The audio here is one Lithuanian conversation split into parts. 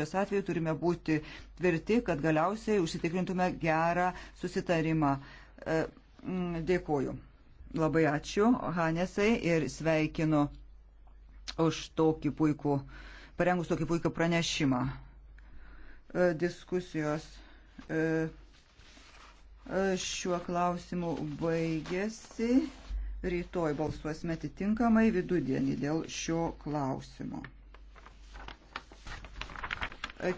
Jos atveju turime būti tvirti, kad galiausiai užsitikrintume gerą susitarimą. E, mm, Dėkuoju. Labai ačiū Hanesai ir sveikinu už tokį puikų, parengus tokį puikų pranešimą. E, diskusijos e, šiuo klausimu baigėsi rytoj balsuosime atitinkamai vidudienį dėl šio klausimo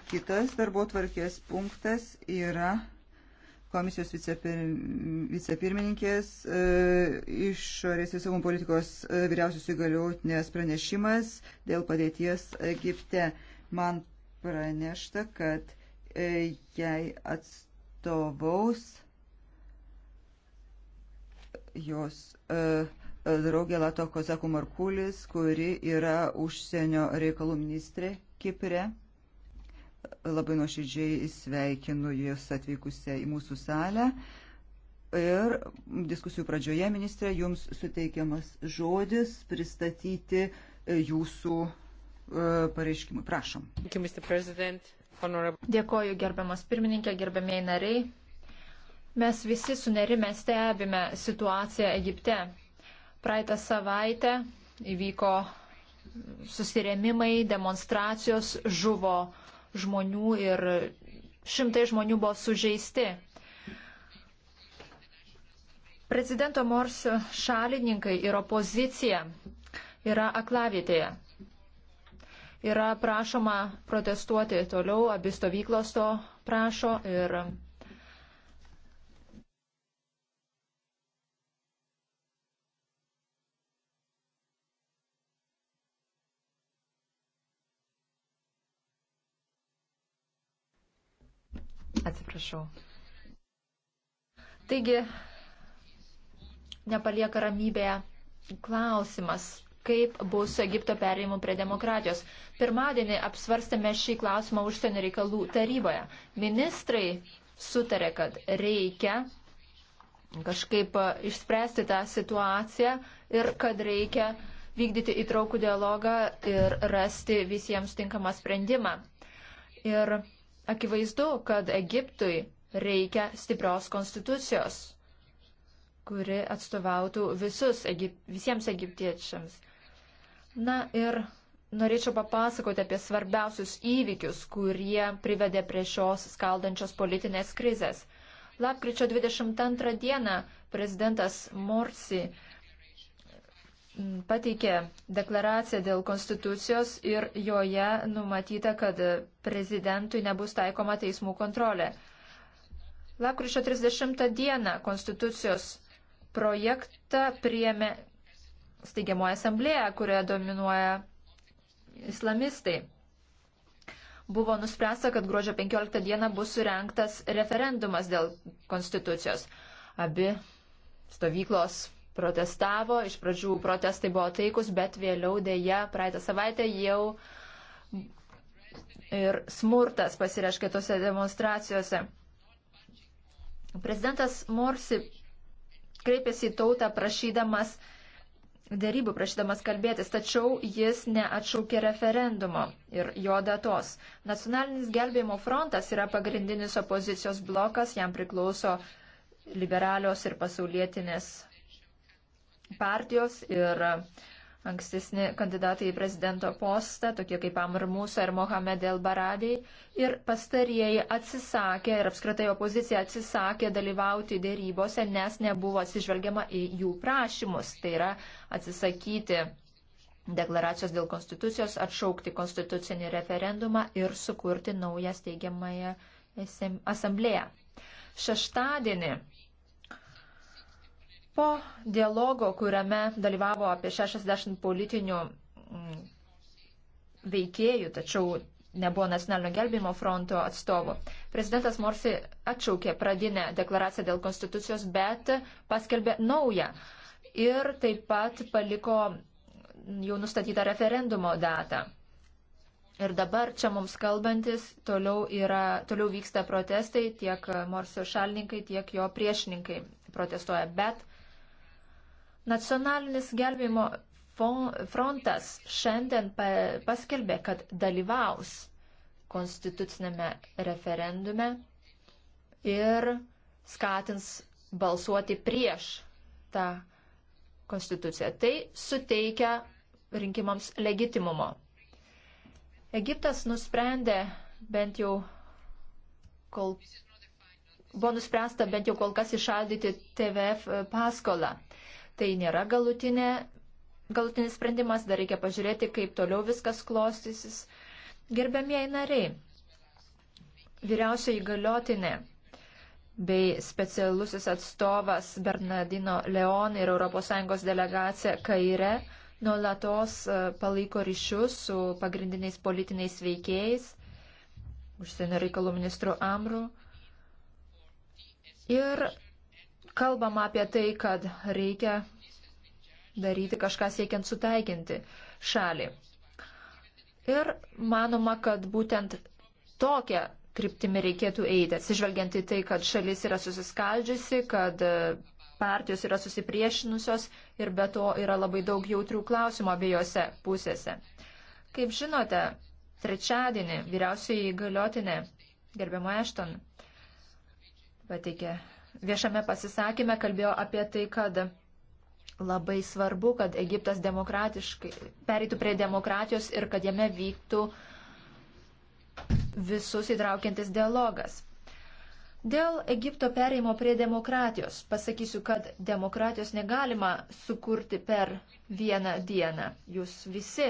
Kitas darbo tvarkės punktas yra komisijos vicepir, vicepirmininkės e, išorės ir saugumo politikos e, vyriausios įgaliotinės pranešimas dėl padėties Egipte. Man pranešta, kad e, jai atstovaus jos e, draugė Lato Kozaku Markulis, kuri yra užsienio reikalų ministrė Kipre. Labai nuoširdžiai sveikinu Jūs atvykusią į mūsų salę. Ir diskusijų pradžioje, ministrė, Jums suteikiamas žodis pristatyti e, Jūsų e, pareiškimui. Prašom. Dėkoju, gerbiamas pirmininkė, gerbiamieji nariai. Mes visi sunerime stebime situaciją Egipte. Praeitą savaitę įvyko susiremimai, demonstracijos, žuvo žmonių ir šimtai žmonių buvo sužeisti. Prezidento Morsio šalininkai ir opozicija yra aklavietėje. Yra prašoma protestuoti toliau, abi stovyklos to prašo ir atsiprašau. Taigi, nepalieka ramybėje klausimas, kaip bus su Egipto perėjimu prie demokratijos. Pirmadienį apsvarstėme šį klausimą užsienio reikalų taryboje. Ministrai sutarė, kad reikia kažkaip išspręsti tą situaciją ir kad reikia vykdyti įtraukų dialogą ir rasti visiems tinkamą sprendimą. Ir Akivaizdu, kad Egiptui reikia stiprios konstitucijos, kuri atstovautų visus, Egip, visiems egiptiečiams. Na ir norėčiau papasakoti apie svarbiausius įvykius, kurie privedė prie šios skaldančios politinės krizės. Lapkričio 22 dieną prezidentas Morsi pateikė deklaraciją dėl konstitucijos ir joje numatyta, kad prezidentui nebus taikoma teismų kontrolė. Lapkričio 30 dieną konstitucijos projektą priėmė steigiamoji asamblėja, kurioje dominuoja islamistai. Buvo nuspręsta, kad gruodžio 15 dieną bus surenktas referendumas dėl konstitucijos. Abi stovyklos protestavo. Iš pradžių protestai buvo taikus, bet vėliau dėja praeitą savaitę jau ir smurtas pasireiškė tose demonstracijose. Prezidentas Morsi kreipėsi į tautą prašydamas dėrybų, prašydamas kalbėtis, tačiau jis neatšaukė referendumo ir jo datos. Nacionalinis gelbėjimo frontas yra pagrindinis opozicijos blokas, jam priklauso liberalios ir pasaulietinės partijos ir ankstesni kandidatai į prezidento postą, tokie kaip Amr Musa ir Mohamed El Baradei, ir pastarieji atsisakė ir apskritai opozicija atsisakė dalyvauti dėrybose, nes nebuvo atsižvelgiama į jų prašymus, tai yra atsisakyti deklaracijos dėl konstitucijos, atšaukti konstitucinį referendumą ir sukurti naują steigiamąją asamblėją. Šeštadienį Po dialogo, kuriame dalyvavo apie 60 politinių mm, veikėjų, tačiau nebuvo nacionalinio gelbėjimo fronto atstovų. Prezidentas Morsi atšaukė pradinę deklaraciją dėl konstitucijos, bet paskelbė naują ir taip pat paliko jau nustatytą referendumo datą. Ir dabar čia mums kalbantis toliau, yra, toliau vyksta protestai, tiek Morsio šalininkai, tiek jo priešininkai protestuoja, bet Nacionalinis gelbėjimo frontas šiandien paskelbė, kad dalyvaus konstitucinėme referendume ir skatins balsuoti prieš tą konstituciją. Tai suteikia rinkimams legitimumo. Egiptas nusprendė bent jau kol buvo nuspręsta bent jau kol kas išaldyti TVF paskolą. Tai nėra galutinė, galutinis sprendimas, dar reikia pažiūrėti, kaip toliau viskas klostysis. Gerbėmieji nariai, vyriausioji galiotinė bei specialusis atstovas Bernardino Leon ir ES delegacija Kaire nuolatos e, palaiko ryšius su pagrindiniais politiniais veikėjais, užsienio reikalų ministru Amru. Ir kalbama apie tai, kad reikia daryti kažką siekiant sutaikinti šalį. Ir manoma, kad būtent tokia kryptimi reikėtų eiti, atsižvelgiant į tai, kad šalis yra susiskaldžiusi, kad e, partijos yra susipriešinusios ir be to yra labai daug jautrių klausimų abiejose pusėse. Kaip žinote, trečiadienį vyriausiai įgaliotinė gerbiama Ešton pateikė viešame pasisakymė kalbėjo apie tai, kad labai svarbu, kad Egiptas demokratiškai pereitų prie demokratijos ir kad jame vyktų visus įtraukiantis dialogas. Dėl Egipto pereimo prie demokratijos pasakysiu, kad demokratijos negalima sukurti per vieną dieną. Jūs visi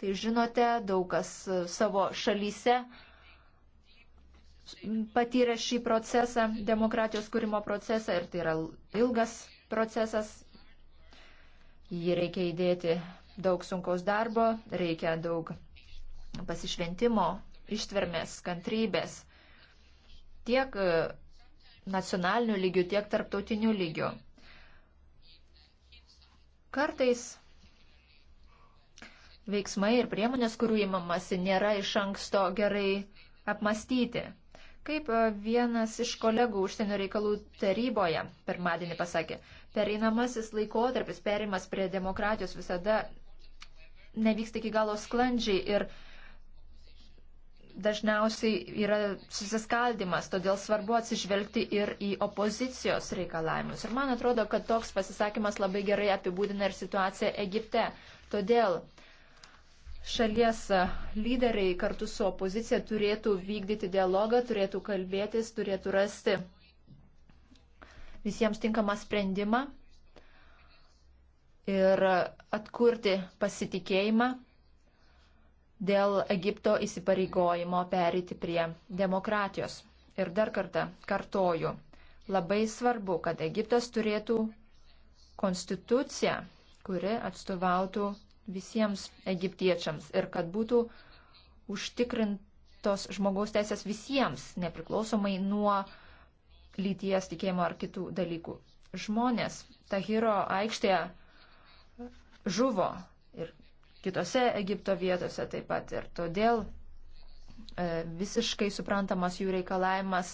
tai žinote, daug kas savo šalyse patyrė šį procesą, demokratijos kūrimo procesą ir tai yra ilgas procesas. Jį reikia įdėti daug sunkaus darbo, reikia daug pasišventimo, ištvermės, kantrybės tiek e, nacionalinių lygių, tiek tarptautinių lygių. Kartais veiksmai ir priemonės, kurių įmamasi, nėra iš anksto gerai apmastyti. Kaip e, vienas iš kolegų užsienio reikalų taryboje pirmadienį pasakė, pereinamasis laikotarpis perimas prie demokratijos visada nevyksta iki galo sklandžiai ir dažniausiai yra susiskaldimas, todėl svarbu atsižvelgti ir į opozicijos reikalavimus. Ir man atrodo, kad toks pasisakymas labai gerai apibūdina ir situaciją Egipte. Todėl šalies lyderiai kartu su opozicija turėtų vykdyti dialogą, turėtų kalbėtis, turėtų rasti visiems tinkamą sprendimą ir atkurti pasitikėjimą dėl Egipto įsipareigojimo perėti prie demokratijos. Ir dar kartą kartoju, labai svarbu, kad Egiptas turėtų konstituciją, kuri atstovautų visiems egiptiečiams ir kad būtų užtikrintos žmogaus teisės visiems, nepriklausomai nuo lyties tikėjimo ar kitų dalykų. Žmonės Tahiro aikštėje žuvo ir kitose Egipto vietose taip pat ir todėl e, visiškai suprantamas jų reikalavimas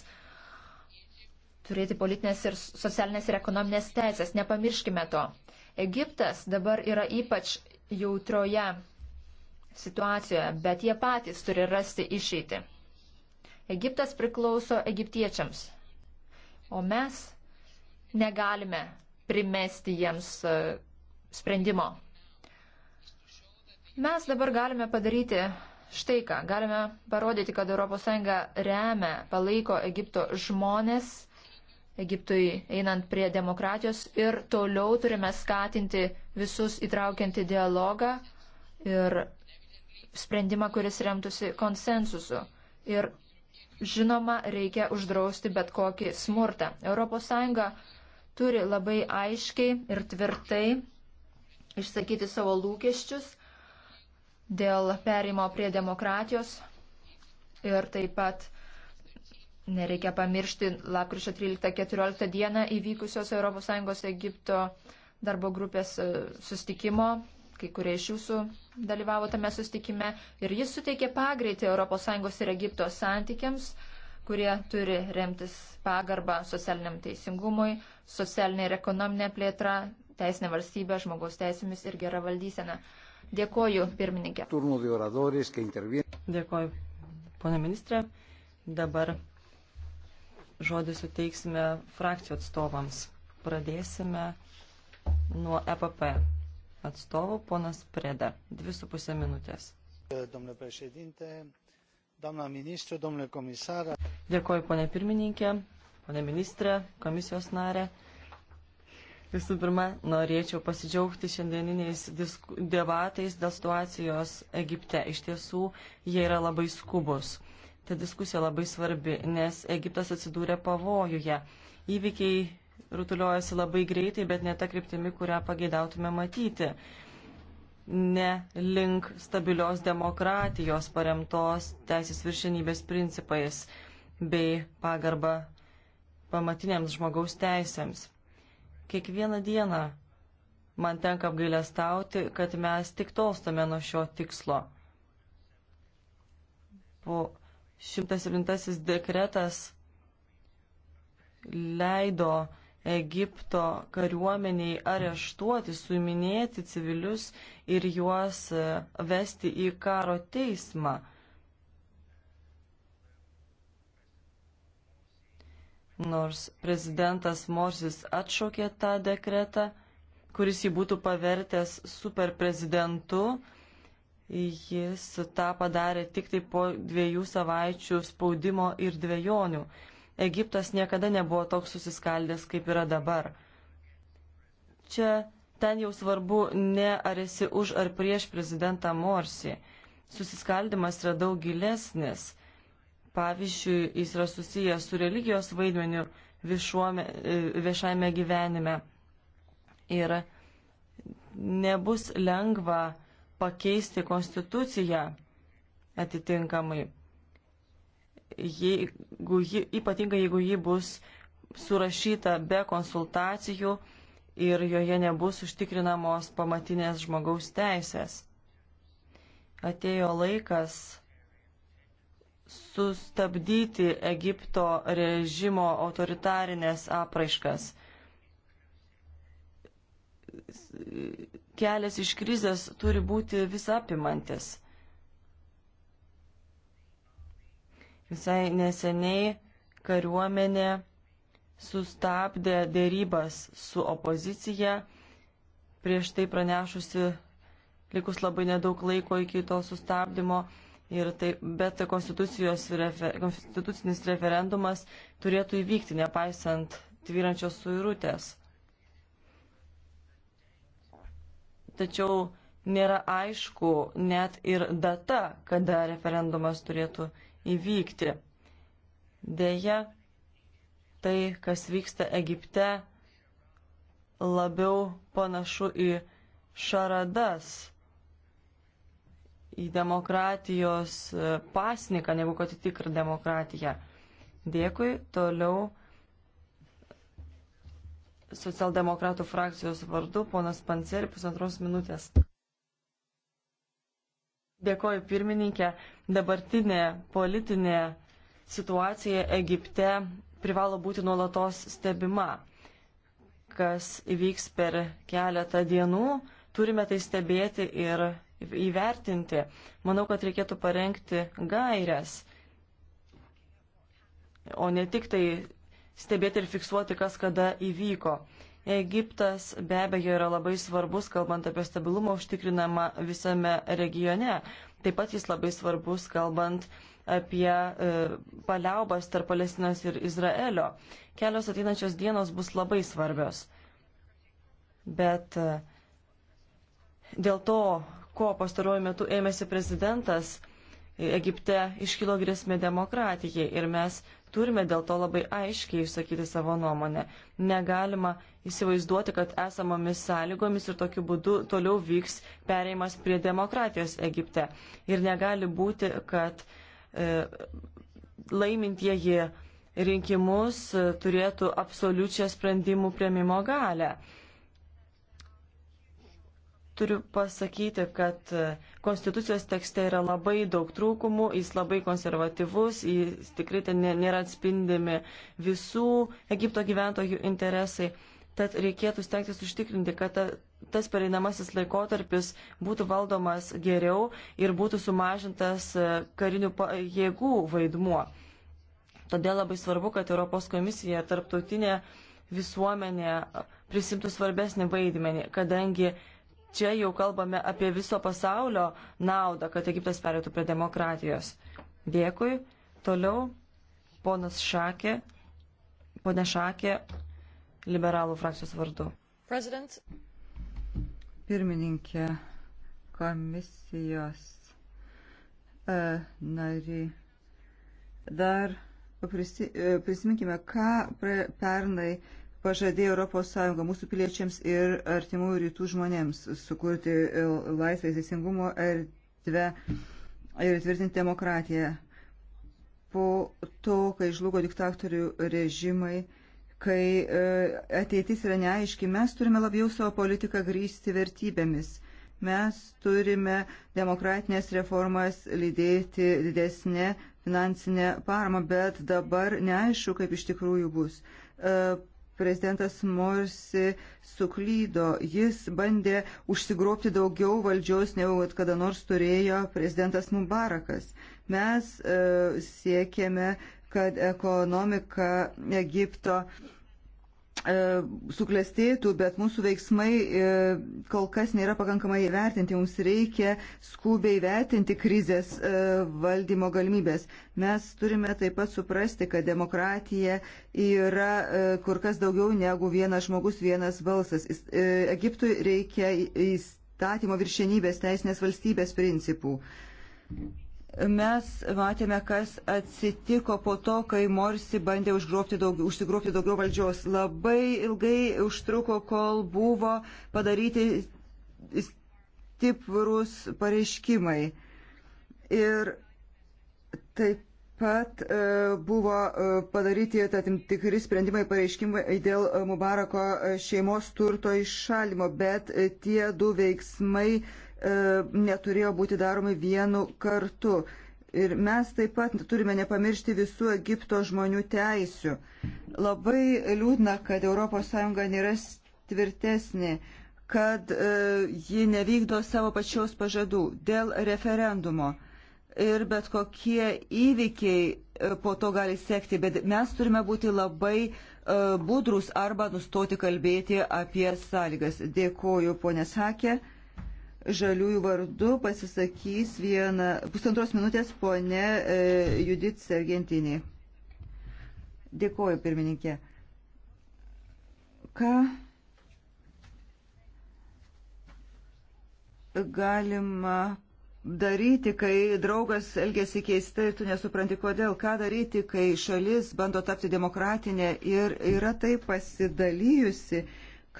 turėti politinės ir socialinės ir ekonominės teisės. Nepamirškime to. Egiptas dabar yra ypač jautroje situacijoje, bet jie patys turi rasti išeitį. Egiptas priklauso egiptiečiams, o mes negalime primesti jiems e, sprendimo. Mes dabar galime padaryti štai ką. Galime parodyti, kad ES remia, palaiko Egipto žmonės Egiptui einant prie demokratijos ir toliau turime skatinti visus įtraukiantį dialogą ir sprendimą, kuris remtųsi konsensusu. Ir žinoma, reikia uždrausti bet kokį smurtą. ES turi labai aiškiai ir tvirtai išsakyti savo lūkesčius dėl perimo prie demokratijos ir taip pat Nereikia pamiršti lapkričio 13-14 dieną įvykusios ES Egipto darbo grupės e, sustikimo. Kai kurie iš jūsų dalyvavo tame sustikime ir jis suteikė pagreitį ES ir Egipto santykiams, kurie turi remtis pagarbą socialiniam teisingumui, socialinė ir ekonominė plėtra, teisinė valstybė, žmogaus teisėmis ir gera valdysena. Dėkoju, pirmininkė. Dėkoju, ponė ministrė. Dabar žodį suteiksime frakcijų atstovams. Pradėsime nuo EPP atstovų, ponas Preda, dvi su pusė minutės. Dėkuoju, ponė pirmininkė, ponė ministrė, komisijos narė. Visų pirma, norėčiau pasidžiaugti šiandieniniais debatais dėl situacijos Egipte. Iš tiesų, jie yra labai skubus Ta diskusija labai svarbi, nes Egiptas atsidūrė pavojuje. Įvykiai rutuliojasi labai greitai, bet ne ta kryptimi, kurią pageidautume matyti. Ne link stabilios demokratijos paremtos teisės viršenybės principais bei pagarba pamatiniams žmogaus teisėms. Kiekvieną dieną man tenka apgailestauti, kad mes tik tolstame nuo šio tikslo. Po 107 dekretas leido Egipto kariuomeniai areštuoti, suiminėti civilius ir juos e, vesti į karo teismą. Nors prezidentas Morsis atšaukė tą dekretą, kuris jį būtų pavertęs superprezidentu, prezidentu, jis tą padarė tik tai po dviejų savaičių spaudimo ir dviejonių. Egiptas niekada nebuvo toks susiskaldęs, kaip yra dabar. Čia ten jau svarbu ne ar esi už ar prieš prezidentą Morsi. Susiskaldimas yra daug gilesnis. Pavyzdžiui, jis yra susijęs su religijos vaidmeniu viešuome, viešame gyvenime. Ir nebus lengva pakeisti konstituciją atitinkamai, jeigu ji, ypatingai jeigu ji bus surašyta be konsultacijų ir joje nebus užtikrinamos pamatinės žmogaus teisės. Atėjo laikas sustabdyti Egipto režimo autoritarinės apraiškas kelias iš krizės turi būti visapimantis. Visai neseniai kariuomenė sustabdė dėrybas su opozicija, prieš tai pranešusi likus labai nedaug laiko iki to sustabdymo. Ir tai, bet tai refer, konstitucinis referendumas turėtų įvykti, nepaisant tvyrančios suirutės. tačiau nėra aišku net ir data, kada referendumas turėtų įvykti. Deja, tai, kas vyksta Egipte, labiau panašu į šaradas, į demokratijos pasniką, negu kad į tikrą demokratiją. Dėkui, toliau socialdemokratų frakcijos vardu ponas Pancer pusantros minutės. Dėkoju pirmininkė, dabartinė politinė situacija Egipte privalo būti nuolatos stebima. Kas įvyks per keletą dienų, turime tai stebėti ir įvertinti. Manau, kad reikėtų parengti gairias, o ne tik tai stebėti ir fiksuoti, kas kada įvyko. Egiptas be abejo yra labai svarbus, kalbant apie stabilumą užtikrinamą visame regione. Taip pat jis labai svarbus, kalbant apie e, paliaubas tarp Palestinos ir Izraelio. Kelios ateinančios dienos bus labai svarbios. Bet e, dėl to, ko pastaruoju metu ėmėsi prezidentas, Egipte iškilo grėsmė demokratijai ir mes Turime dėl to labai aiškiai išsakyti savo nuomonę. Negalima įsivaizduoti, kad esamomis sąlygomis ir tokiu būdu toliau vyks pereimas prie demokratijos Egipte. Ir negali būti, kad e, laimintieji rinkimus turėtų absoliučią sprendimų prieimimo galę. Turiu pasakyti, kad Konstitucijos tekste yra labai daug trūkumų, jis labai konservatyvus, jis tikrai ten nėra atspindimi visų Egipto gyventojų interesai. Tad reikėtų stengtis užtikrinti, kad ta, tas pereinamasis laikotarpis būtų valdomas geriau ir būtų sumažintas e, karinių jėgų vaidmuo. Todėl labai svarbu, kad Europos komisija tarptautinė visuomenė prisimtų svarbesnį vaidmenį, kadangi uh, čia jau kalbame apie viso pasaulio naudą, kad Egiptas perėtų prie demokratijos. Dėkui. Toliau ponas Šakė, ponė Šakė, liberalų frakcijos vardu. President. Pirmininkė komisijos e, nari. Dar prisi, e, prisiminkime, ką pre, pernai pažadėjo ES mūsų piliečiams ir artimųjų rytų žmonėms sukurti e, laisvės teisingumo erdvę ir tvirtinti demokratiją. Po to, kai žlugo diktatorių režimai, kai e, ateitis yra neaiški, mes turime labiau savo politiką grįsti vertybėmis. Mes turime demokratinės reformas lydėti didesnė finansinė parama, bet dabar neaišku, kaip iš tikrųjų bus e, prezidentas Morsi suklydo. Jis bandė užsigrobti daugiau valdžios, negu kad kada nors turėjo prezidentas Mubarakas. Mes e, siekėme, kad ekonomika Egipto e, E, suklestėtų, bet mūsų veiksmai e, kol kas nėra pakankamai įvertinti. Mums reikia skubiai vertinti krizės e, valdymo galimybės. Mes turime taip pat suprasti, kad demokratija yra kur kas daugiau negu vienas žmogus, vienas balsas. Egiptui reikia įstatymo viršenybės teisinės valstybės principų. Mes matėme, kas atsitiko po to, kai Morsi bandė daug, užsigrobti daugiau valdžios. Labai ilgai užtruko, kol buvo padaryti stiprus pareiškimai. Ir taip pat e, buvo e, padaryti tam tikri sprendimai pareiškimai dėl e, Mubarako šeimos turto iššalimo, bet tie du veiksmai E, neturėjo būti daromi vienu kartu. Ir mes taip pat turime nepamiršti visų Egipto žmonių teisių. Labai liūdna, kad ES nėra tvirtesnė, kad e, ji nevykdo savo pačios pažadų dėl referendumo. Ir bet kokie įvykiai e, po to gali sekti, bet mes turime būti labai budrus arba nustoti kalbėti apie sąlygas. Dėkoju, ponė Sakė žaliųjų vardu pasisakys vieną pusantros minutės ponė e, Judit Sergentinė. Dėkoju, pirmininkė. Ką galima daryti, kai draugas elgesi keistai ir tu nesupranti kodėl, ką daryti, kai šalis bando tapti demokratinė ir yra taip pasidalijusi,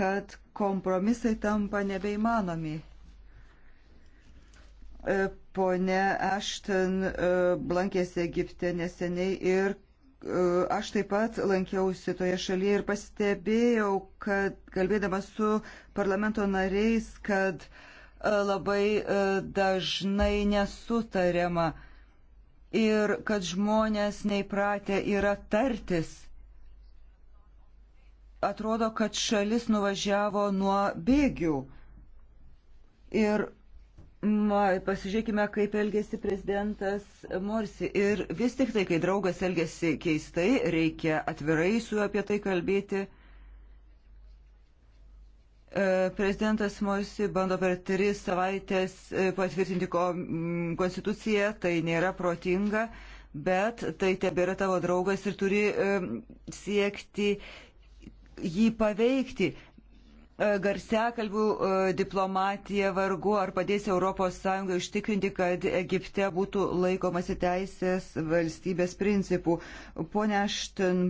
kad kompromisai tampa nebeįmanomi. Pone Ashton blankėsi e, Egipte neseniai ir e, aš taip pat lankiausi toje šalyje ir pastebėjau, kad kalbėdama su parlamento nariais, kad e, labai dažnai nesutariama ir kad žmonės neįpratę yra tartis. Atrodo, kad šalis nuvažiavo nuo bėgių. Ir Ma, pasižiūrėkime, kaip elgėsi prezidentas Morsi. Ir vis tik tai, kai draugas elgėsi keistai, reikia atvirai su apie tai kalbėti. E, prezidentas Morsi bando per tris savaitės e, patvirtinti konstituciją, tai nėra protinga, bet tai tebėra tavo draugas ir turi e, siekti jį paveikti. E, garsiakalbių e, diplomatija vargu ar padės ES užtikrinti, kad Egipte būtų laikomasi teisės valstybės principų. Pone Štin,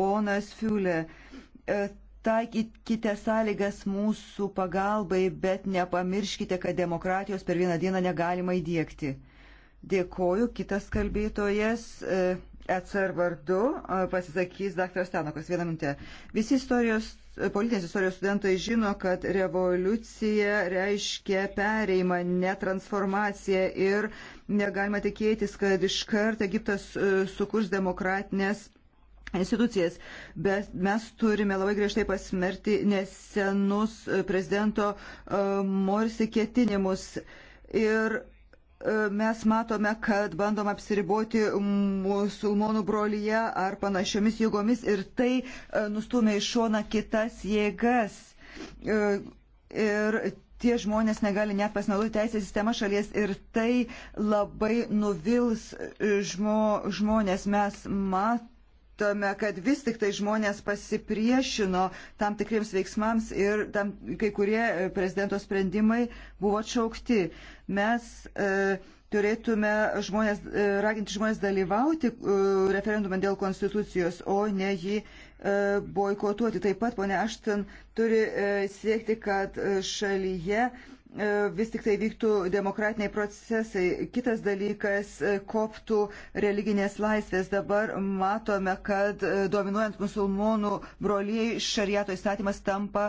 ponas Fiulė, e, taikykite sąlygas mūsų pagalbai, bet nepamirškite, kad demokratijos per vieną dieną negalima įdėkti. Dėkoju, kitas kalbėtojas. E, ECR vardu e, pasisakys daktaras Tenokas. Vieną minutę. Visi istorijos, e, politinės istorijos studentai žino, kad revoliucija reiškia pereimą, ne transformaciją ir negalima tikėtis, kad iškart Egiptas e, sukurs demokratinės institucijas, bet mes turime labai griežtai pasmerti nesenus prezidento uh, Morsi ketinimus. Ir mes matome, kad bandom apsiriboti musulmonų brolyje ar panašiomis jėgomis ir tai e, nustumė į šoną kitas jėgas. E, ir tie žmonės negali net pasinaudoti teisės sistema šalies ir tai labai nuvils žmo, žmonės. Mes matome matome, kad vis tik tai žmonės pasipriešino tam tikriems veiksmams ir tam, kai kurie e, prezidento sprendimai buvo atšaukti. Mes e, turėtume žmonės, e, raginti žmonės dalyvauti e, referendumą dėl konstitucijos, o ne jį e, boikotuoti. Taip pat, ponia Ašten, turi e, siekti, kad e, šalyje e, E, vis tik tai vyktų demokratiniai procesai. Kitas dalykas e, - koptų religinės laisvės. Dabar matome, kad e, dominuojant musulmonų broliai šariato įstatymas tampa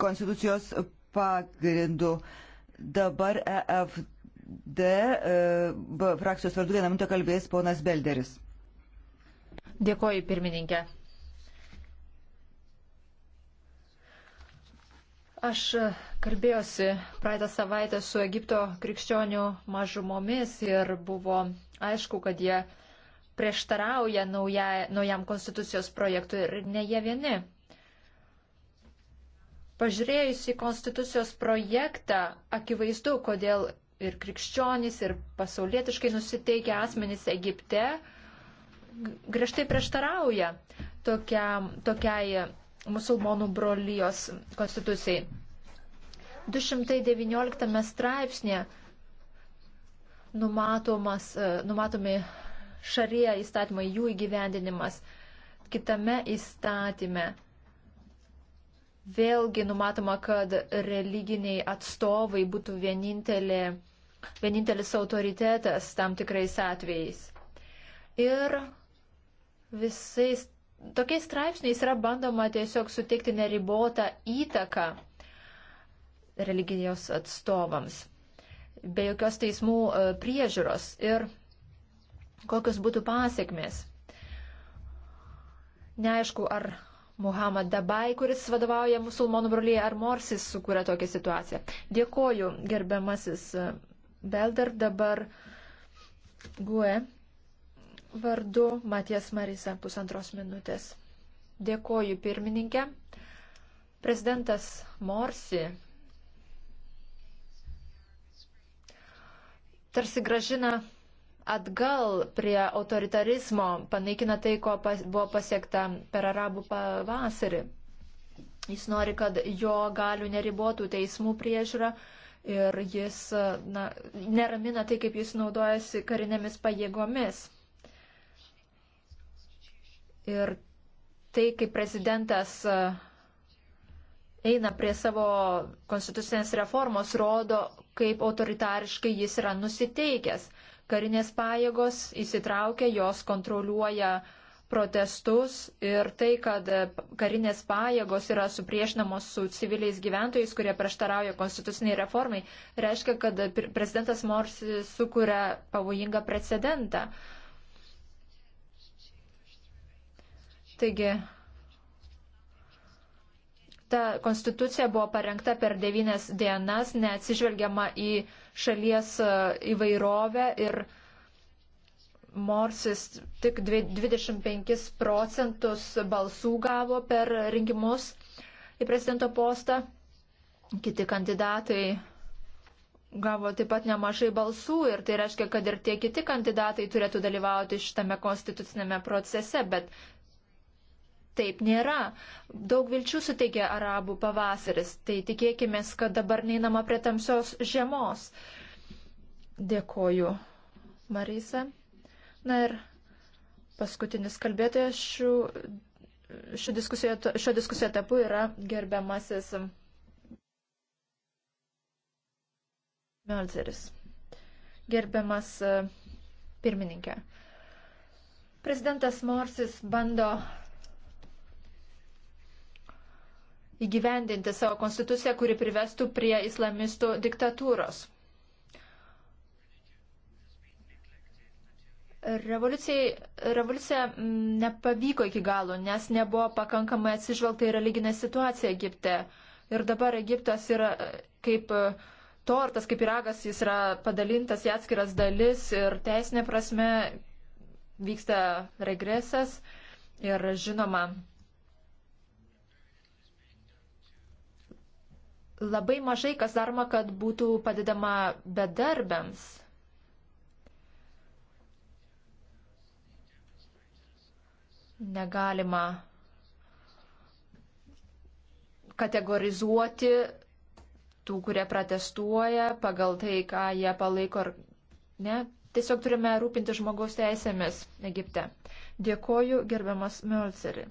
konstitucijos pagrindu. Dabar EFD frakcijos vardu vieną minutę kalbės ponas Belderis. Dėkoju, pirmininkė. Aš kalbėjosi praeitą savaitę su Egipto krikščionių mažumomis ir buvo aišku, kad jie prieštarauja nauja, naujam konstitucijos projektui ir ne jie vieni. Pažiūrėjus į konstitucijos projektą, akivaizdu, kodėl ir krikščionys, ir pasaulietiškai nusiteikę asmenys Egipte griežtai prieštarauja tokiam, tokiai musulmonų brolyjos konstitucijai. 219 straipsnė numatomas, e, numatomi šarie įstatymai, jų įgyvendinimas. Kitame įstatyme vėlgi numatoma, kad religiniai atstovai būtų vienintelė, vienintelis autoritetas tam tikrais atvejais. Ir visais tokiais straipsniais yra bandoma tiesiog suteikti neribotą įtaką religijos atstovams, be jokios teismų e, priežiūros ir kokios būtų pasiekmės. Neaišku, ar Muhammad Dabai, kuris vadovauja musulmonų brolyje, ar Morsis sukūrė tokią situaciją. Dėkoju, gerbiamasis e, Belder, dabar Gue vardu Matijas Marisa pusantros minutės. Dėkoju pirmininkė. Prezidentas Morsi tarsi gražina atgal prie autoritarizmo, panaikina tai, ko pas, buvo pasiekta per arabų pavasarį. Jis nori, kad jo galių neribotų teismų priežiūra ir jis na, neramina tai, kaip jis naudojasi karinėmis pajėgomis. Ir tai, kaip prezidentas e, eina prie savo konstitucinės reformos, rodo, kaip autoritariškai jis yra nusiteikęs. Karinės pajėgos įsitraukia, jos kontroliuoja protestus ir tai, kad e, karinės pajėgos yra supriešinamos su civiliais gyventojais, kurie prieštarauja konstituciniai reformai, reiškia, kad e, prezidentas Morsi sukuria pavojingą precedentą. Uh, Taigi, ta konstitucija buvo parengta per devynes dienas, neatsižvelgiama į šalies e, įvairovę ir Morsis tik 25 procentus balsų gavo per rinkimus į prezidento postą. Kiti kandidatai gavo taip pat nemažai balsų ir tai reiškia, kad ir tie kiti kandidatai turėtų dalyvauti šitame konstitucinėme procese, bet taip nėra. Daug vilčių suteikia arabų pavasaris, tai tikėkime, kad dabar neinama prie tamsios žiemos. Dėkoju, Marisa. Na ir paskutinis kalbėtojas šių, šių diskusijų, šio diskusijų etapu yra gerbiamasis Melzeris. Gerbiamas e, pirmininkė. Prezidentas Morsis bando įgyvendinti savo konstituciją, kuri privestų prie islamistų diktatūros. Revoliucija mm, nepavyko iki galo, nes nebuvo pakankamai atsižvelgta į religinę situaciją Egipte. Ir dabar Egiptas yra e, kaip e, tortas, kaip iragas, jis yra padalintas į atskiras dalis ir teisinė prasme vyksta regresas. Ir žinoma, Labai mažai kas daroma, kad būtų padedama bedarbiams. Negalima kategorizuoti tų, kurie protestuoja pagal tai, ką jie palaiko ar ne. Tiesiog turime rūpinti žmogaus teisėmis Egipte. Dėkoju, gerbiamas Mölceri.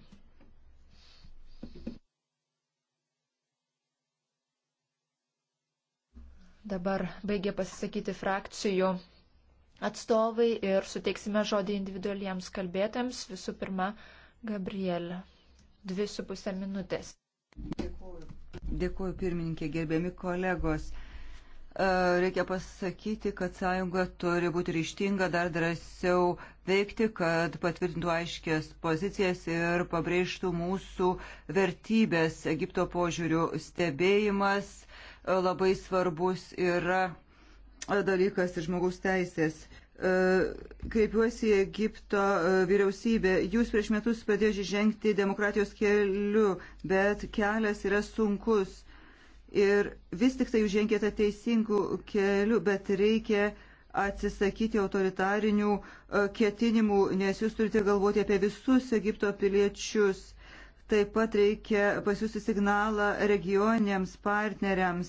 Dabar baigė pasisakyti frakcijų atstovai ir suteiksime žodį individualiems kalbėtams. Visų pirma, Gabrielė. Dvi su pusę minutės. Dėkuoju. Dėkuoju pirmininkė, gerbiami kolegos. E, reikia pasakyti, kad sąjunga turi būti ryštinga, dar drąsiau veikti, kad patvirtintų aiškės pozicijas ir pabrėžtų mūsų vertybės Egipto požiūrių stebėjimas labai svarbus yra dalykas ir žmogaus teisės. E, kreipiuosi į Egipto e, vyriausybę. Jūs prieš metus pradėjote žengti demokratijos keliu, bet kelias yra sunkus. Ir vis tik tai jūs žengėte teisingų kelių, bet reikia atsisakyti autoritarinių e, ketinimų, nes jūs turite galvoti apie visus Egipto piliečius Taip pat reikia pasiūsti signalą regioniams partneriams,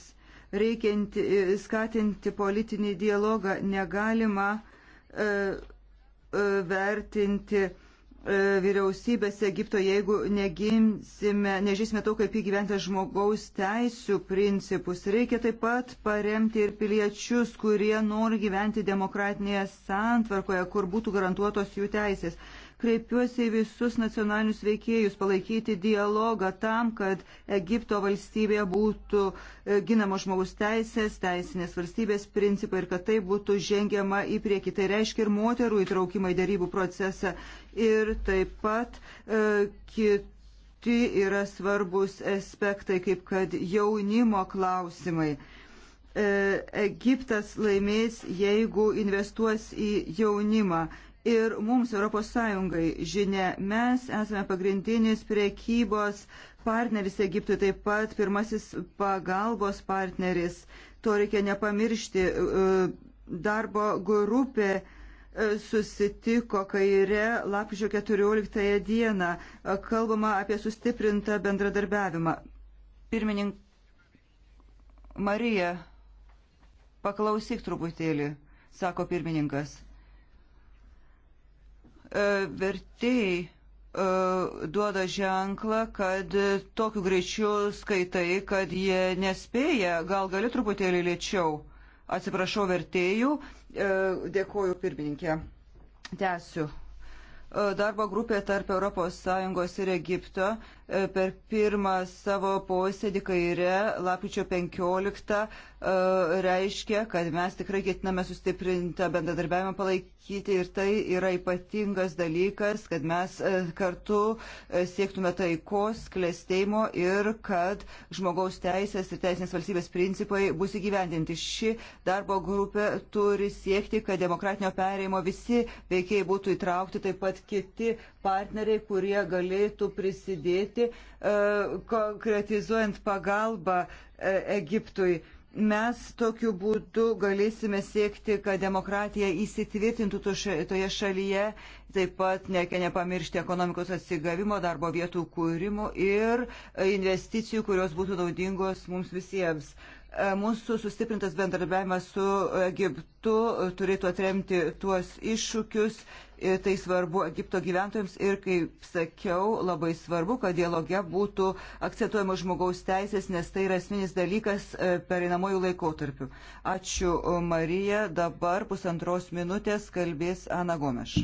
reikia e, skatinti politinį dialogą, negalima e, e vertinti e, vyriausybės Egipto, jeigu negimsime, nežysime to, kaip įgyventi žmogaus teisų principus. Reikia taip pat paremti ir piliečius, kurie nori gyventi demokratinėje santvarkoje, kur būtų garantuotos jų teisės. Kreipiuosi į visus nacionalinius veikėjus palaikyti dialogą tam, kad Egipto valstybėje būtų e, ginamo žmogus teisės, teisinės valstybės principai ir kad tai būtų žengiama į priekį. Tai reiškia ir moterų įtraukimą į darybų procesą ir taip pat e, kitų kiti yra svarbus aspektai, kaip kad jaunimo klausimai. E, Egiptas laimės, jeigu investuos į jaunimą ir mums ES žinia. Mes esame pagrindinis priekybos partneris Egiptui, taip pat pirmasis pagalbos partneris. To reikia nepamiršti. E, darbo grupė e, susitiko kaire lapkričio 14 dieną. E, kalbama apie sustiprintą bendradarbiavimą. Pirmininkas Marija, paklausyk truputėlį, sako pirmininkas. E, vertėjai e, duoda ženklą, kad tokiu greičiu skaitai, kad jie nespėja, gal gali truputėlį lėčiau. Atsiprašau vertėjų, e, dėkoju pirmininkė. Tęsiu. Darbo grupė tarp ES ir Egipto E, per pirmą savo posėdį kairę, lapkričio 15, e, reiškia, kad mes tikrai ketiname sustiprintą bendradarbiavimą palaikyti ir tai yra ypatingas dalykas, kad mes e, kartu siektume taikos, klėstėjimo ir kad žmogaus teisės ir teisinės valstybės principai bus įgyvendinti. Ši darbo grupė turi siekti, kad demokratinio perėjimo visi veikėjai būtų įtraukti, taip pat kiti partneriai, kurie galėtų prisidėti padaryti, e, konkretizuojant pagalbą e, Egiptui. Mes tokiu būdu galėsime siekti, kad demokratija įsitvirtintų toje šalyje, taip pat nekia nepamiršti ekonomikos atsigavimo, darbo vietų kūrimo ir investicijų, kurios būtų naudingos mums visiems. E, mūsų sustiprintas bendradarbiavimas su Egiptu turėtų atremti tuos iššūkius, e, tai svarbu Egipto gyventojams ir, kaip sakiau, labai svarbu, kad dialoge būtų akcentuojama žmogaus teisės, nes tai yra esminis dalykas e, pereinamojų laikotarpių. Ačiū Marija, dabar pusantros minutės kalbės Ana Gomeš.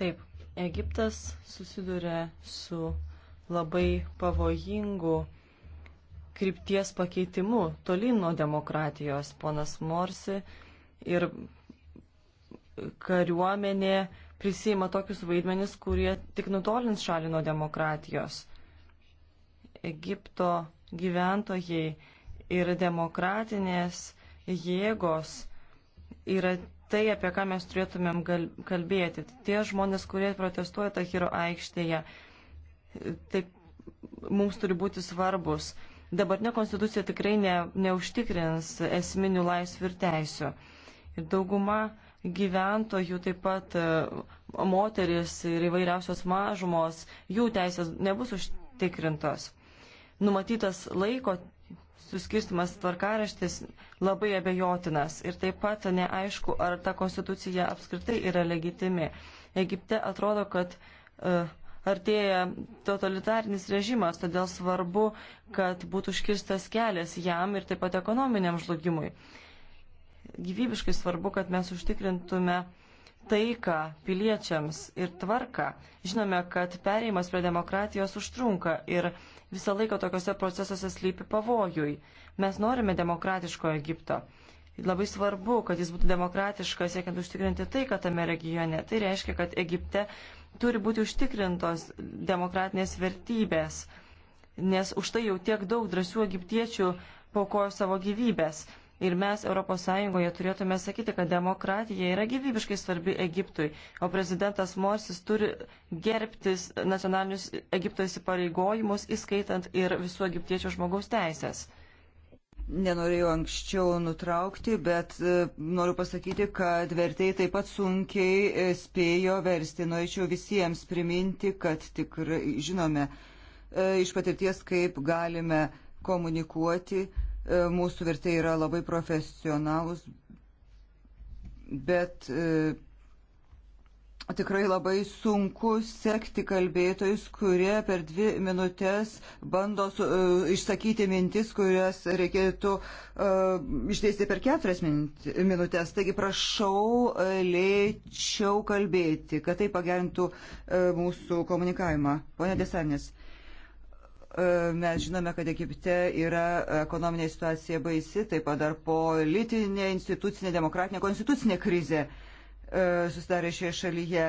Taip, Egiptas susiduria su labai pavojingu krypties pakeitimu, tolyn nuo demokratijos, ponas Morsi ir kariuomenė prisima tokius vaidmenis, kurie tik nutolins šalį nuo demokratijos. Egipto gyventojai ir demokratinės jėgos yra tai, apie ką mes turėtumėm kalbėti. Tie žmonės, kurie protestuoja Tahiro aikštėje, taip mums turi būti svarbus. Dabartinė konstitucija tikrai ne, neužtikrins esminių laisvių ir teisių. Ir dauguma gyventojų, taip pat e, moteris ir įvairiausios mažumos, jų teisės nebus užtikrintos. Numatytas laiko suskirstimas tvarkaraštis labai abejotinas ir taip pat neaišku, ar ta konstitucija apskritai yra legitimi. Egipte atrodo, kad uh, artėja totalitarnis režimas, todėl svarbu, kad būtų užkirstas kelias jam ir taip pat ekonominiam žlugimui. Gyvybiškai svarbu, kad mes užtikrintume taiką piliečiams ir tvarką. Žinome, kad pereimas prie demokratijos užtrunka ir visą laiką tokiuose procesuose slypi pavojui. Mes norime demokratiško Egipto. Labai svarbu, kad jis būtų demokratiškas, siekiant užtikrinti tai, kad tame regione. Tai reiškia, kad Egipte turi būti užtikrintos demokratinės vertybės, nes už tai jau tiek daug drąsių egiptiečių paukojo savo gyvybės. Ir mes ES turėtume sakyti, kad demokratija yra gyvybiškai svarbi Egiptui, o prezidentas Morsis turi gerbtis nacionalinius Egipto įsipareigojimus, įskaitant ir visų egiptiečių žmogaus teisės nenorėjau anksčiau nutraukti, bet e, noriu pasakyti, kad vertėjai taip pat sunkiai e, spėjo versti. Norėčiau visiems priminti, kad tikrai žinome e, iš patirties, kaip galime komunikuoti. Mūsų vertėjai yra labai profesionalus, bet tikrai labai sunku sekti kalbėtojus, kurie per dvi minutės bando su, uh, išsakyti mintis, kurias reikėtų uh, išdėstyti per keturias minutės. Taigi prašau uh, lėčiau kalbėti, kad tai pagerintų uh, mūsų komunikavimą. Pone Desarnės. Uh, mes žinome, kad Egipte yra ekonominė situacija baisi, taip pat dar politinė, institucinė, demokratinė, konstitucinė krizė. Uh, susidarė šioje šalyje.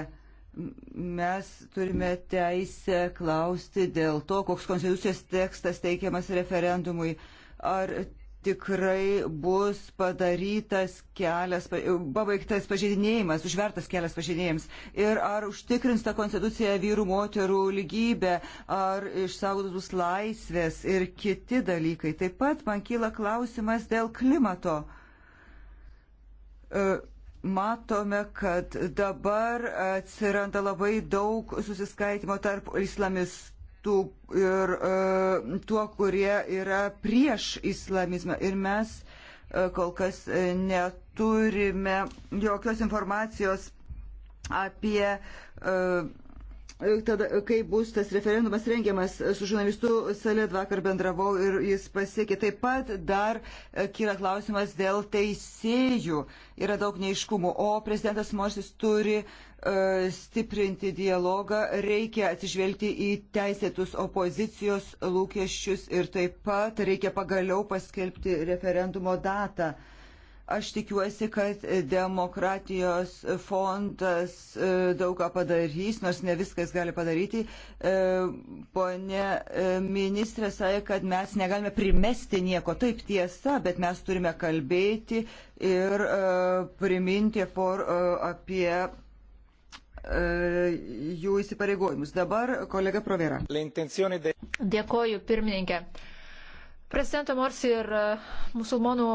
Mes turime teisę klausti dėl to, koks konstitucijos tekstas teikiamas referendumui. Ar tikrai bus padarytas kelias, pabaigtas pažeidinėjimas, užvertas kelias pažeidinėjams. Ir ar užtikrins ta konstitucija vyrų moterų lygybę, ar išsaugotus laisvės ir kiti dalykai. Taip pat man kyla klausimas dėl klimato. Uh, matome, kad dabar atsiranda labai daug susiskaitimo tarp islamistų ir e, tuo, kurie yra prieš islamizmą. Ir mes e, kol kas e, neturime jokios informacijos apie uh, Tada, kai bus tas referendumas rengiamas, e, su žurnalistu Salėd vakar bendravau ir jis pasiekė. Taip pat dar e, kyla klausimas dėl teisėjų. Yra daug neiškumų, o prezidentas Morsis turi uh, stiprinti dialogą, reikia atsižvelgti į teisėtus opozicijos lūkesčius ir taip pat reikia pagaliau paskelbti referendumo datą. Uh, Aš tikiuosi, kad demokratijos fondas e, daug ką padarys, nors ne viskas gali padaryti. E, Pone ministrė sąja, kad mes negalime primesti nieko, taip tiesa, bet mes turime kalbėti ir e, priminti por, apie jų įsipareigojimus. Dabar kolega Provera. Dėkoju, pirmininkė. Prezidento Morsi ir musulmonų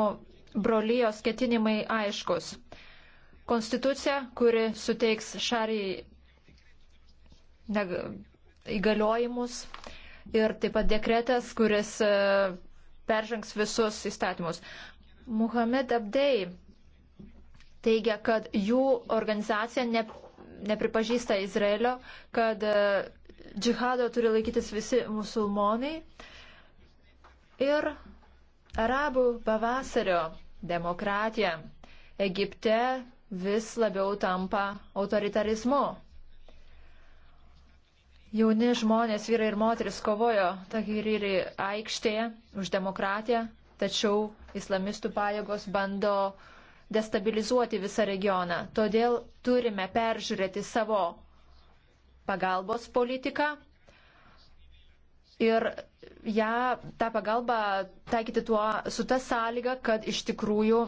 brolyjos ketinimai aiškus. Konstitucija, kuri suteiks šariai įgaliojimus ir taip pat dekretas, kuris e, peržengs visus įstatymus. Muhamed Abdei teigia, kad jų organizacija ne, nepripažįsta Izraelio, kad e, džihado turi laikytis visi musulmonai ir Arabų pavasario demokratija Egipte vis labiau tampa autoritarizmu. Jauni žmonės, vyrai ir moteris kovojo Tahiriri aikštėje už demokratiją, tačiau islamistų pajėgos bando destabilizuoti visą regioną. Todėl turime peržiūrėti savo pagalbos politiką ir ją tą pagalbą taikyti tuo, su ta sąlyga, kad iš tikrųjų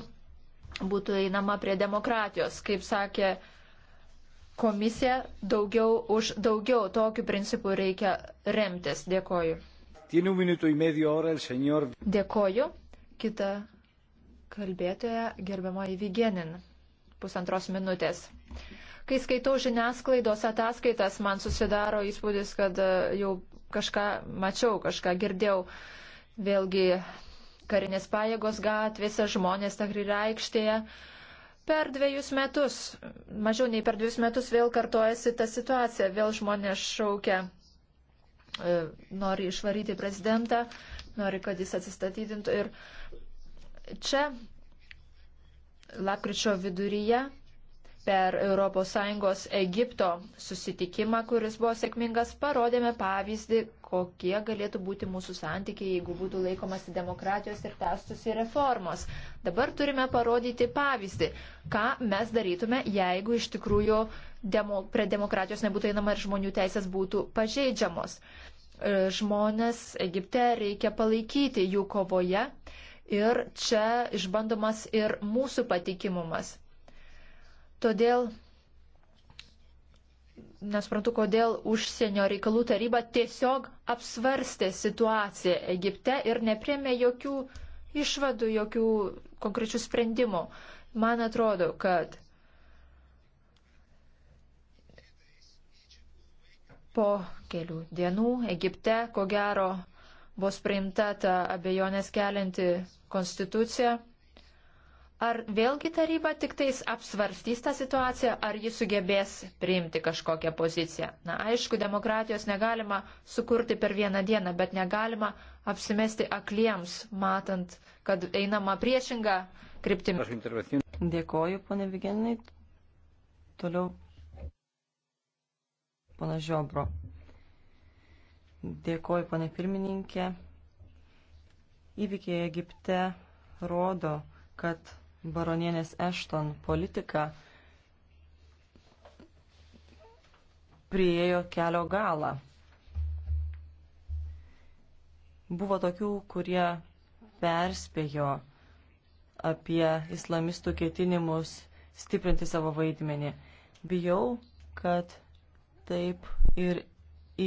būtų einama prie demokratijos. Kaip sakė komisija, daugiau už daugiau. Tokiu principu reikia remtis. Dėkoju. Dėkoju. Kita kalbėtoja gerbiamoji Vigenin. Pusantros minutės. Kai skaitau žiniasklaidos ataskaitas, man susidaro įspūdis, kad jau kažką mačiau, kažką girdėjau. Vėlgi karinės pajėgos gatvėse, žmonės Tahrir aikštėje. Per dviejus metus, mažiau nei per dviejus metus vėl kartojasi ta situacija, vėl žmonės šaukia, e, nori išvaryti prezidentą, nori, kad jis atsistatydintų. Ir čia, lakryčio viduryje, Per ES Egipto susitikimą, kuris buvo sėkmingas, parodėme pavyzdį, kokie galėtų būti mūsų santykiai, jeigu būtų laikomasi demokratijos ir testusi reformos. Dabar turime parodyti pavyzdį, ką mes darytume, jeigu iš tikrųjų demo, prie demokratijos nebūtų einama ir žmonių teisės būtų pažeidžiamos. E, žmonės Egipte reikia palaikyti jų kovoje ir čia išbandomas ir mūsų patikimumas. Todėl nesuprantu, kodėl užsienio reikalų taryba tiesiog apsvarstė situaciją Egipte ir neprėmė jokių išvadų, jokių konkrečių sprendimų. Man atrodo, kad po kelių dienų Egipte, ko gero, bus priimta ta abejonės kelianti konstitucija. Ar vėlgi taryba tik tais apsvarstys tą situaciją, ar ji sugebės priimti kažkokią poziciją? Na, aišku, demokratijos negalima sukurti per vieną dieną, bet negalima apsimesti akliems, matant, kad einama priešinga kryptimi. Dėkoju, pane Vigenai. Toliau. Pana Žiobro. Dėkoju, pane pirmininkė. Įvykiai Egipte rodo, kad baronienės Ešton politika priejo kelio galą. Buvo tokių, kurie perspėjo apie islamistų ketinimus stiprinti savo vaidmenį. Bijau, kad taip ir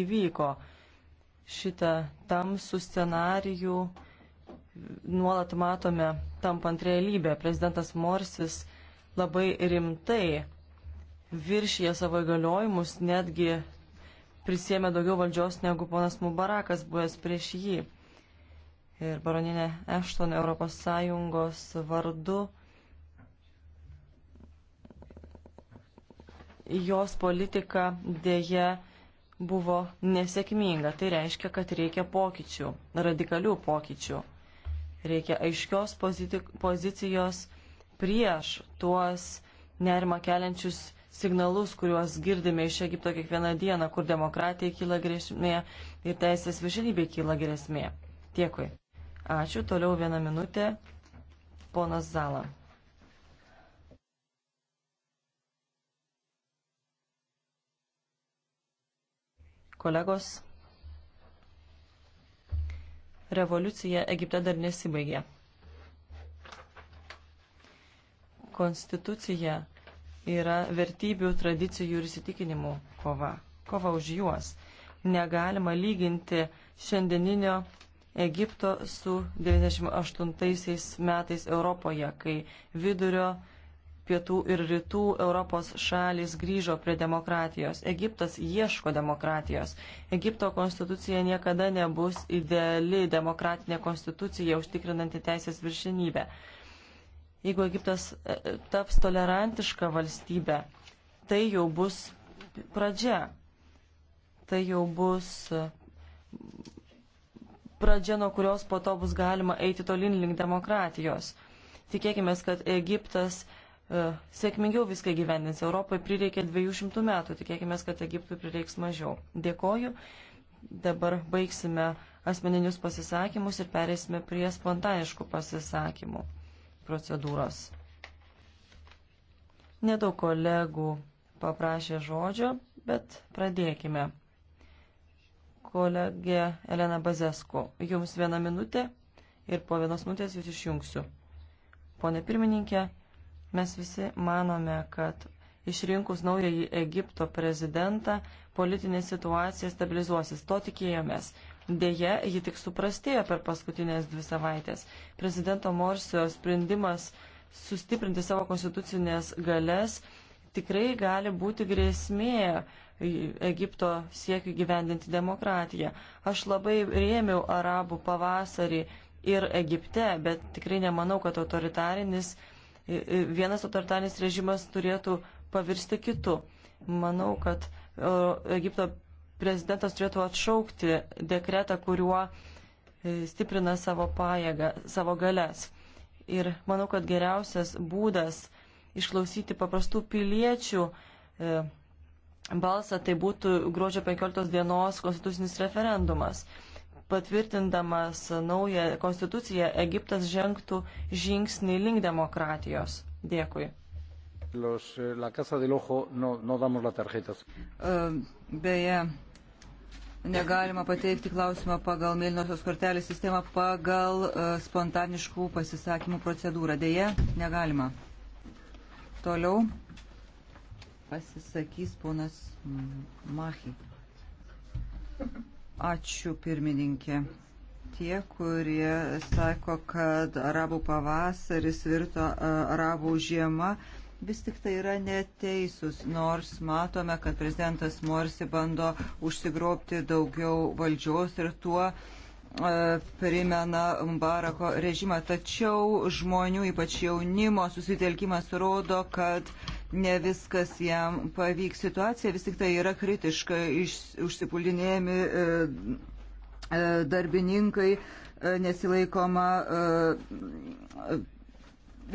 įvyko. Šitą tamsų scenarijų nuolat matome tampant realybę. Prezidentas Morsis labai rimtai viršyje savo įgaliojimus, netgi prisėmė daugiau valdžios negu ponas Mubarakas buvęs prieš jį. Ir baroninė Ešton Europos Sąjungos vardu jos politika dėje buvo nesėkminga. Tai reiškia, kad reikia pokyčių, radikalių pokyčių. Reikia aiškios pozicijos prieš tuos nerima keliančius signalus, kuriuos girdime iš Egipto kiekvieną dieną, kur demokratija kyla grėsmė ir teisės viršinybė kyla grėsmė. Dėkui. Ačiū. Toliau vieną minutę. Ponas Zala. Kolegos revoliucija Egipte dar nesibaigė. Konstitucija yra vertybių, tradicijų ir įsitikinimų kova. Kova už juos. Negalima lyginti šiandieninio Egipto su 98 metais Europoje, kai vidurio pietų ir rytų Europos šalis grįžo prie demokratijos. Egiptas ieško demokratijos. Egipto konstitucija niekada nebus ideali demokratinė konstitucija užtikrinanti teisės viršinybę. Jeigu Egiptas e, e, taps tolerantiška valstybė, tai jau bus pradžia. Tai jau bus e, pradžia, nuo kurios po to bus galima eiti tolin link demokratijos. Tikėkime, kad Egiptas uh, E, sėkmingiau viską gyvendins. Europai prireikė 200 metų, tikėkime, kad Egiptui prireiks mažiau. Dėkoju. Dabar baigsime asmeninius pasisakymus ir pereisime prie spontaniškų pasisakymų procedūros. Nedaug kolegų paprašė žodžio, bet pradėkime. Kolegė Elena Bazesko, jums viena minutė ir po vienos minutės jūs išjungsiu. Pone pirmininkė, Mes visi manome, kad išrinkus naująjį Egipto prezidentą politinė situacija stabilizuosis. To tikėjomės. Deja, ji tik suprastėjo per paskutinės dvi savaitės. Prezidento Morsio sprendimas sustiprinti savo konstitucinės galės tikrai gali būti grėsmė Egipto siekiu gyvendinti demokratiją. Aš labai rėmiau arabų pavasarį ir Egipte, bet tikrai nemanau, kad autoritarinis vienas autoritarinis režimas turėtų pavirsti kitu. Manau, kad Egipto prezidentas turėtų atšaukti dekretą, kuriuo e, stiprina savo pajėgą, savo galias. Ir manau, kad geriausias būdas išklausyti paprastų piliečių e, balsą tai būtų gruodžio 15 dienos konstitucinis referendumas patvirtindamas naują konstituciją, Egiptas žengtų žingsnį link demokratijos. Dėkui. Los, eh, la casa del ojo no, no damos las tarjetas. E, beje, negalima pateikti klausimą pagal mėlynosios kortelės sistemą, pagal e, spontaniškų pasisakymų procedūrą. Deja, negalima. Toliau pasisakys ponas Machi. Thank you. Ačiū pirmininkė. Tie, kurie sako, kad arabų pavasaris virto arabų žiema, vis tik tai yra neteisūs, nors matome, kad prezidentas Morsi bando užsigrobti daugiau valdžios ir tuo primena Mbarako režimą. Tačiau žmonių, ypač jaunimo, susitelkimas rodo, kad ne viskas jam pavyks. Situacija vis tik tai yra kritiška, iš, užsipulinėjami e, e, darbininkai, e, nesilaikoma e,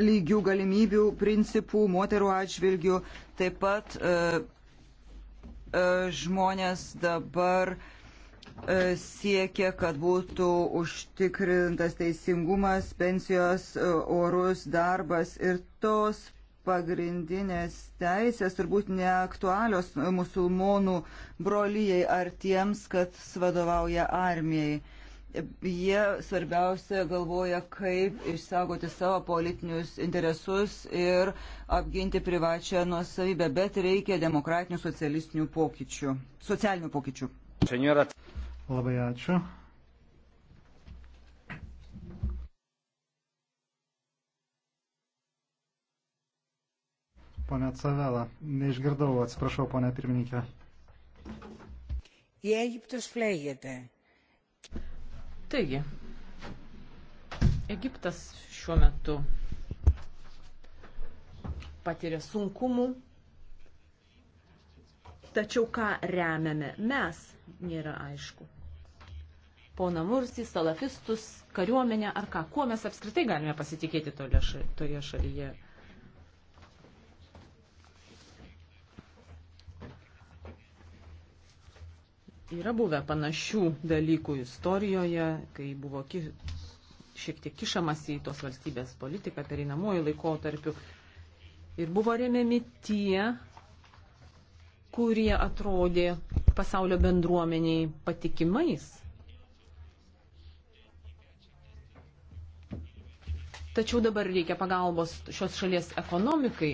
lygių galimybių principų moterų atžvilgių. Taip pat e, e, žmonės dabar e, siekia, kad būtų užtikrintas teisingumas, pensijos, e, orus, darbas ir tos pagrindinės teisės turbūt neaktualios musulmonų brolyjei ar tiems, kad vadovauja armijai. Jie svarbiausia galvoja, kaip išsaugoti savo politinius interesus ir apginti privačią nuosavybę, bet reikia demokratinių socialistinių pokyčių, socialinių pokyčių. Labai ačiū. Pone Cavela, neišgirdau, atsiprašau, pone pirmininkė. Į Egiptus fleigėte. Taigi, Egiptas šiuo metu patiria sunkumų, tačiau ką remiame mes, nėra aišku. Pona Mursi, salafistus, kariuomenę ar ką, kuo mes apskritai galime pasitikėti toje šalyje. Yra buvę panašių dalykų istorijoje, kai buvo ki, šiek tiek kišamas į tos valstybės politiką pereinamuoju laikotarpiu. Ir buvo remiami tie, kurie atrodė pasaulio bendruomeniai patikimais. Tačiau dabar reikia pagalbos šios šalies ekonomikai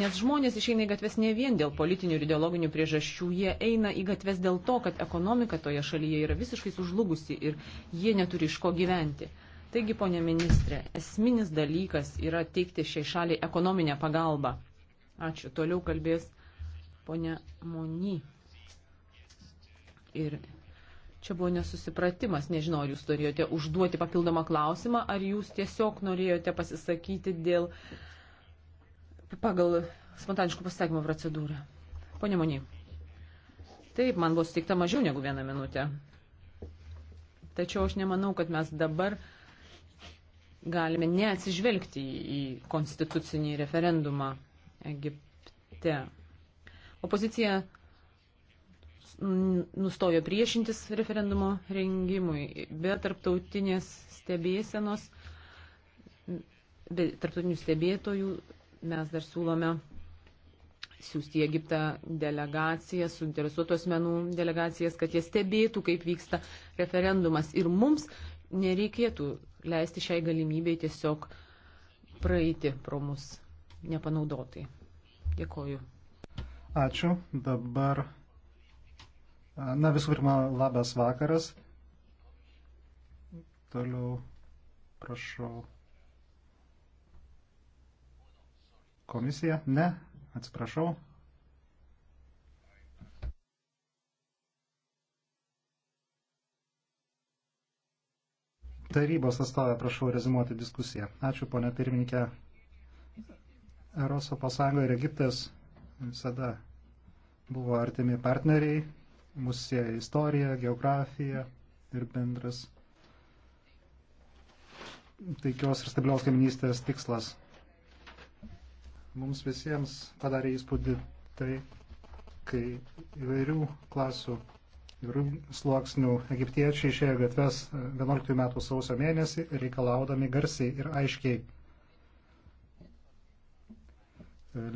Nes žmonės išeina į gatves ne vien dėl politinių ir ideologinių priežasčių, jie eina į gatves dėl to, kad ekonomika toje šalyje yra visiškai sužlugusi ir jie neturi iš ko gyventi. Taigi, ponė ministrė, esminis dalykas yra teikti šiai šaliai ekonominę pagalbą. Ačiū. Toliau kalbės ponė Moni. Ir čia buvo nesusipratimas, nežinau, ar jūs turėjote užduoti papildomą klausimą, ar jūs tiesiog norėjote pasisakyti dėl uh, pagal spontaniškų pasitaikymo procedūrą. Pone Moni, taip, man buvo suteikta mažiau negu vieną minutę. Tačiau aš nemanau, kad mes dabar galime neatsižvelgti į konstitucinį referendumą Egipte. Opozicija nustojo priešintis referendumo rengimui, be tarptautinės stebėsenos, be tarptautinių stebėtojų Mes dar siūlome siūsti į Egiptą delegacijas, suinteresuotų asmenų delegacijas, kad jie stebėtų, kaip vyksta referendumas. Ir mums nereikėtų leisti šiai galimybei tiesiog praeiti pro mus nepanaudotai. Dėkoju. Ačiū. Dabar. Na visų pirma, labas vakaras. Toliau prašau. Komisija? Ne. Atsiprašau. Tarybos atstovę prašau rezimuoti diskusiją. Ačiū, ponė pirmininkė. Europos Sąjunga ir Egiptas visada buvo artimi partneriai, mūsų sieja istorija, geografija ir bendras taikios ir stabilios kaiminystės tikslas. Mums visiems padarė įspūdį tai, kai įvairių klasių įvairių sluoksnių egiptiečiai išėjo gatves 11 e, metų sausio mėnesį reikalaudami garsiai ir aiškiai e,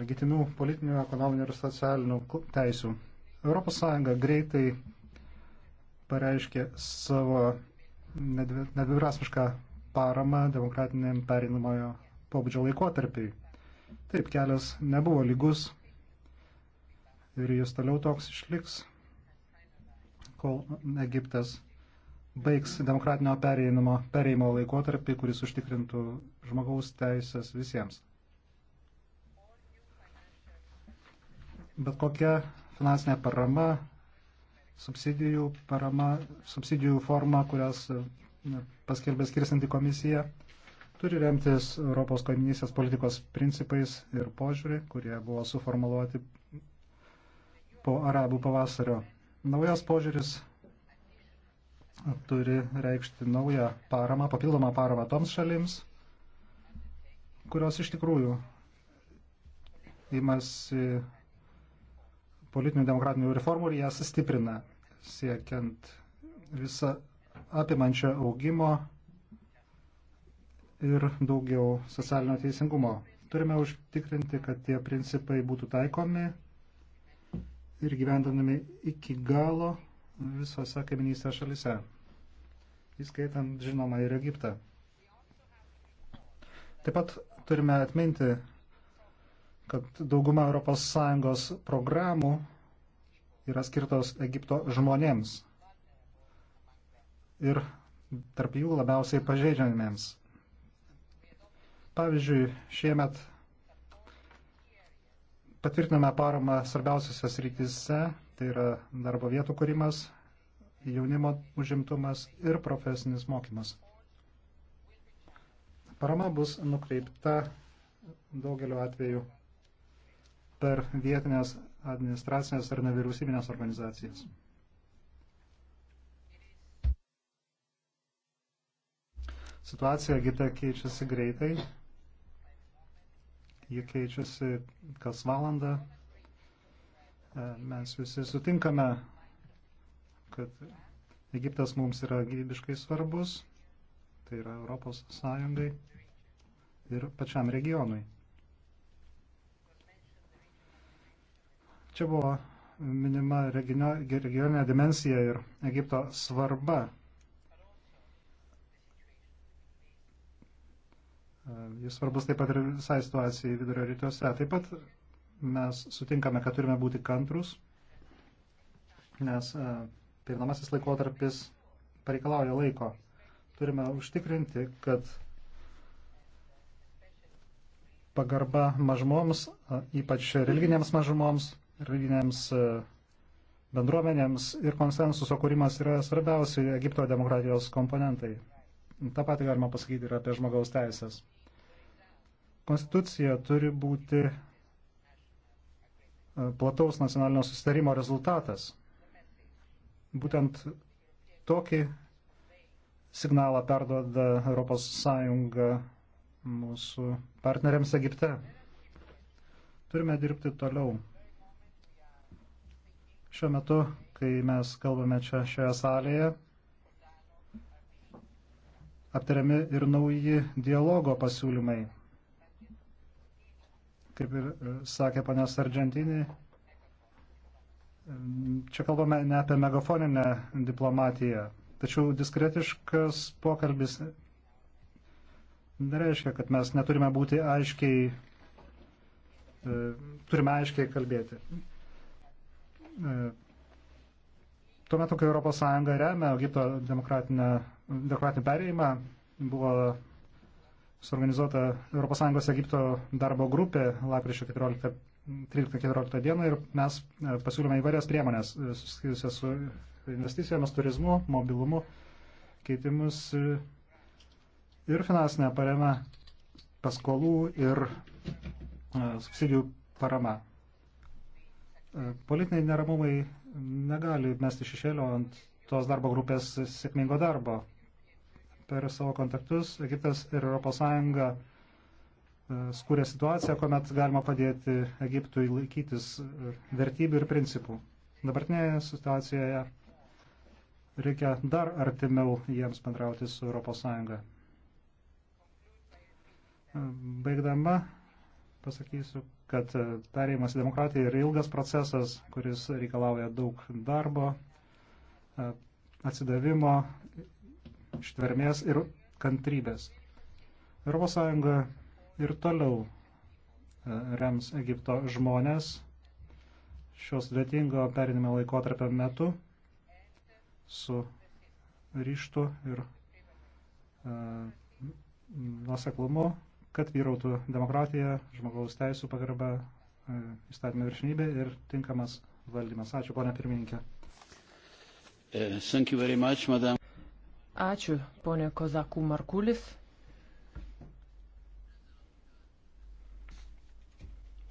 legitimių politinių, ekonominių ir socialinių teisių. ES greitai pareiškė savo nedviprasmišką paramą demokratiniam perinamojo pobūdžio laikotarpiai. Taip, kelias nebuvo lygus ir jis toliau toks išliks, kol Egiptas baigs demokratinio perėjimo, perėjimo laikotarpį, kuris užtikrintų žmogaus teisės visiems. Bet kokia finansinė parama, subsidijų, parama, subsidijų forma, kurias paskelbė skirsinti komisija, turi remtis Europos kaiminysės politikos principais ir požiūrį, kurie buvo suformuluoti po arabų pavasario. Naujas požiūris turi reikšti naują paramą, papildomą paramą toms šalims, kurios iš tikrųjų imasi politinių demokratinių reformų ir jas stiprina, siekiant visą apimančio augimo ir daugiau socialinio teisingumo. Turime užtikrinti, kad tie principai būtų taikomi ir gyvendami iki galo visose kaiminystės šalise, įskaitant, žinoma, ir Egiptą. Taip pat turime atminti, kad dauguma ES programų yra skirtos Egipto žmonėms ir tarp jų labiausiai pažeidžiamiems. Pavyzdžiui, šiemet patvirtiname paramą svarbiausiose srityse, tai yra darbo vietų kūrimas, jaunimo užimtumas ir profesinis mokymas. Parama bus nukreipta daugeliu atveju per vietinės administracinės ar nevyriausybinės organizacijas. Situacija gita keičiasi greitai Ji keičiasi kas valandą. E, mes visi sutinkame, kad Egiptas mums yra gyvybiškai svarbus, tai yra Europos Sąjungai ir pačiam regionui. Čia buvo minima regioninė dimensija ir Egipto svarba Jis svarbus taip pat ir visai situacijai vidurio rytuose. Taip pat mes sutinkame, kad turime būti kantrus, nes e, perinamasis laikotarpis pareikalauja laiko. Turime užtikrinti, kad pagarba mažumoms, e, ypač religinėms mažumoms, religinėms e, bendruomenėms ir konsensuso kūrimas yra svarbiausi Egipto demokratijos komponentai. Ta pati galima pasakyti ir apie žmogaus teisės. Konstitucija turi būti e, plataus nacionalinio susitarimo rezultatas. Būtent tokį signalą perdoda ES mūsų partneriams Egipte. Turime dirbti toliau. Šiuo metu, kai mes kalbame čia šioje salėje, aptariami ir nauji dialogo pasiūlymai Kaip ir e, sakė panas Argentinį, čia kalbame ne apie megafoninę diplomatiją, tačiau diskretiškas pokalbis nereiškia, kad mes neturime būti aiškiai, e, turime aiškiai kalbėti. E, tuo metu, kai ES remia Egipto demokratinį perėjimą, buvo suorganizuota ES Egipto darbo grupė lapkričio 13-14 dieną ir mes e, pasiūlėme įvairias priemonės e, susijusias su investicijomis, turizmu, mobilumu, keitimus e, ir finansinė parema paskolų ir subsidijų parama. Politiniai neramumai negali mesti šešėlio ant tos darbo grupės sėkmingo darbo per savo kontaktus Egiptas ir ES e, skūrė situaciją, kuomet galima padėti Egiptui laikytis vertybių ir principų. Dabartinėje situacijoje reikia dar artimiau jiems bendrauti su ES. E, baigdama pasakysiu, kad e, perėjimas į demokratiją yra ilgas procesas, kuris reikalauja daug darbo, atsidavimo ištvermės ir kantrybės. ES ir toliau e, rems Egipto žmonės šios sudėtingo perinimo laikotarpio metu su ryštu ir uh, nuoseklumu, kad vyrautų demokratija, žmogaus teisų pagarba, uh, įstatymų viršinybė ir tinkamas valdymas. Ačiū, ponia pirmininkė. Uh, thank you very much, madam. Ačiū, ponė Kozakų Markulis.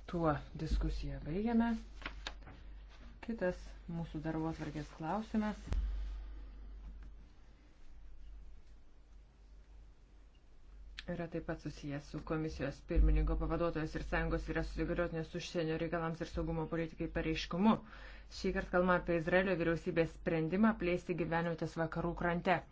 Tuo diskusiją baigiame. Kitas mūsų darbo atvarkės klausimas. Yra taip pat susijęs su komisijos pirmininko pavaduotojas ir sąjungos yra susigaliotinės užsienio reikalams ir saugumo politikai pareiškumu. Šį kartą kalbama apie Izraelio vyriausybės sprendimą plėsti gyvenvietės vakarų krante.